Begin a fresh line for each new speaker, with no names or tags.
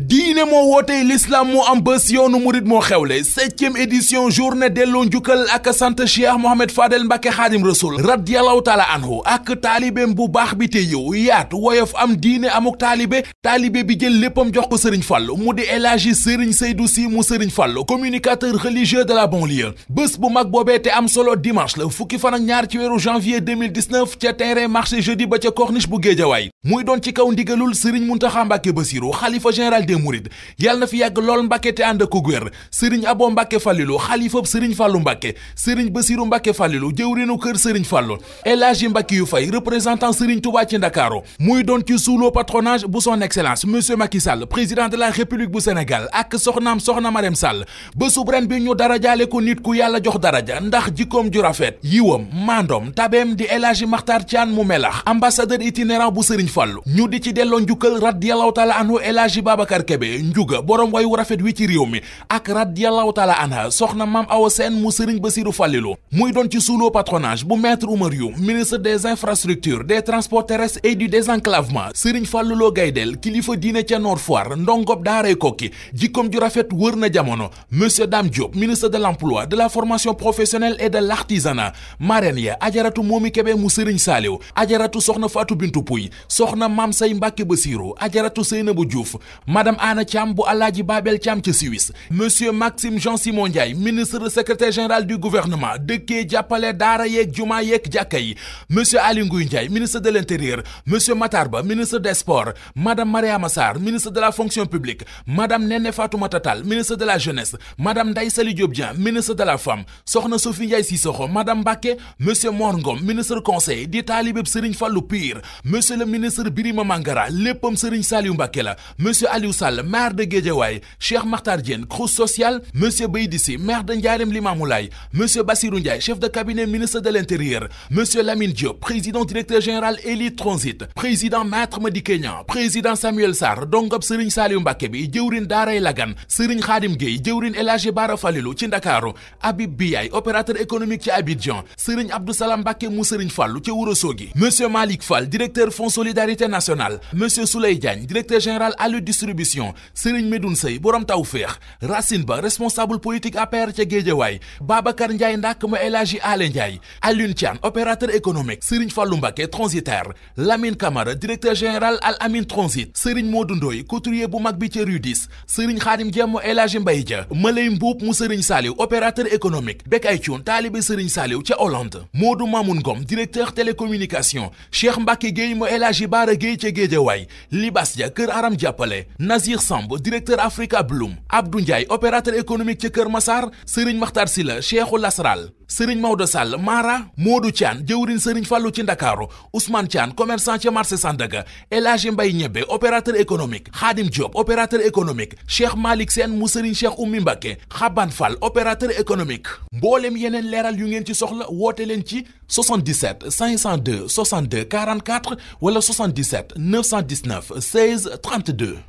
diine moo wootee l'islam moo am bés yoonu murit moo xewle septième édition journée delloo njukkal ak sant cheikh mohamed fadel mbake xaadim rasul radiallahu taala anhu ak taalibeem bu baax bi te yow yaatu woyof am diine amuk taalibe taalibe bi jël léppam jox ko sëriñ fàllu mu di elaaji sëriñ Seydou Si mu sëriñ fàllu communicateur religieux de la banlieue bés bu mag boobee te am solo dimanche la fukki fan ak ñaar ci weeru janvier 2019 ca terrain marché jeudi ba ca corniche bu géejawaay muy doon ci kaw ndigalul sëriñ Muntaxa Mbàkke Basiru xalifa général des Mourides yàlla na fi yàgg lool Mbàkke te ànd ak ko wér sëriñ Abo Mbàkke Fàllilu xalifab sëriñ Fàllu Mbàkke sëriñ Basiru Mbàkke Fàllilu jëwriñu kër sëriñ Fàllu El Hadji Mbàkke yu fay représentant sëriñ Tuubaa ci Ndakaaru muy doon ci sous le patronage bu son excellence monsieur Macky Sall président de la République bu Sénégal ak soxnaam soxna Marème Sall bésub ren bi ñu darajaale ko nit ku yàlla jox daraja ndax jikkoom ju rafet yiwam mandoom tabeem di El Hadji Maxtaar Caan mu melax ambassadeur itinérant bu sëriñ fàllu ñu di ci delloo njukkal radiyallahu taala anhu El Hadji Babacar Kébé njuga boroom way wu rafet wi ci réew mi ak radiyallahu taala anha soxna maam Awa Sène mu sëriñ Basiru Fàllilu muy doon ci sous le patronage bu maître Oumar Youm ministre des infrastructures des transports terrestres et du désenclavement sëriñ Fàllu Lo Gaydel kilifa diine ca Nord Foire ndongoob daaray kokki jikkoom ju rafet wër na jamono monsieur Dame Diop ministre de l'emploi de la formation professionnelle et de l'artisanat marraine ya ajaratu Momi Kébé mu sëriñ Saaliw ajaratu soxna Fatou Bintou Pouy soxna maam say mbàkke basiiru ajaratu seynabu diouf madame ana thiam bu alaaji babel thiam ca Suisse monsieur maxime jean simon ndiaye ministre secrétaire général du gouvernement dëkkee jàppale daara yeeg juma yeeg jàkka yi monsieur aly ngouille ndiaye ministre de l'intérieur monsieur matar ba ministre des sports madame mariama sarr ministre de la fonction publique madame néné fatoumata ministre de la jeunesse madame ndaye saly diop dieng ministre de la femme ministre Birima Mangara léppam Serigne Saliou Mbacké la monsieur Aliou Sall maire de Guédiawaye Cheikh Makhtar Diène croix sociale monsieur Beydi Sy maire de Ndiarème Limamoulaye monsieur Bassirou chef de cabinet ministre de l'intérieur monsieur Lamine Diop président directeur général Elite Transit président maître Madické Niang président Samuel Sarr dongab Serigne Saliou Mbacké bi jëwrin Lagan Serigne Khadim Gueye jëwrin El Bara Falilou ci Ndakaaru Habib opérateur économique ci Abidjan Serigne Abdou solidarité nationale monsieur Souley Diagne directeur général Alu distribution Serigne Medoune Sey borom Tawfeex Racine Ba responsable politique APR ca Géejawaay Babacar Ndiaye Ndak ma El Hadji Ale Ndiaye Alioune Thian opérateur économique Serigne Fallou Mbacké transitaire Lamine Camara directeur général Al Amin Transit Serigne Modou Ndoye couturier bu mag bi ca rue 10 Serigne Khadim Dia mu El Hadji Mbaye Dia Malay Mbuub mu Serigne Saliou opérateur économique Bekay Thioune taalibe Serigne Saliou ca Hollande Modou Mamoun télécommunication Cheikh Mbacké Gueye mu El Hadji Bara Gueye ca Géejawaay Libaas Ja kër Aram Jàppale Nazir Samb directeur Africa Bloom Abdou Ndiaye opérateur économique ca Kër Massar Serigne Makhtar Sylla Cheikhul Asral Serigne Maodo Sall Mara Modou Thian jëwriñ Serigne Fallou ci Ndakaaru Ousmane Thian commerçant ca marché Sandaga El Hadji mbay Ñebbe opérateur économique Khadim Diop opérateur économique Cheikh Malick Sène mu Serigne Cheikh Oumy Mbacké Xaban Fall opérateur économique mboolem yeneen leeral yu ngeen ci soxla woote leen ci 77 502 62 44 wala 77 919 16 32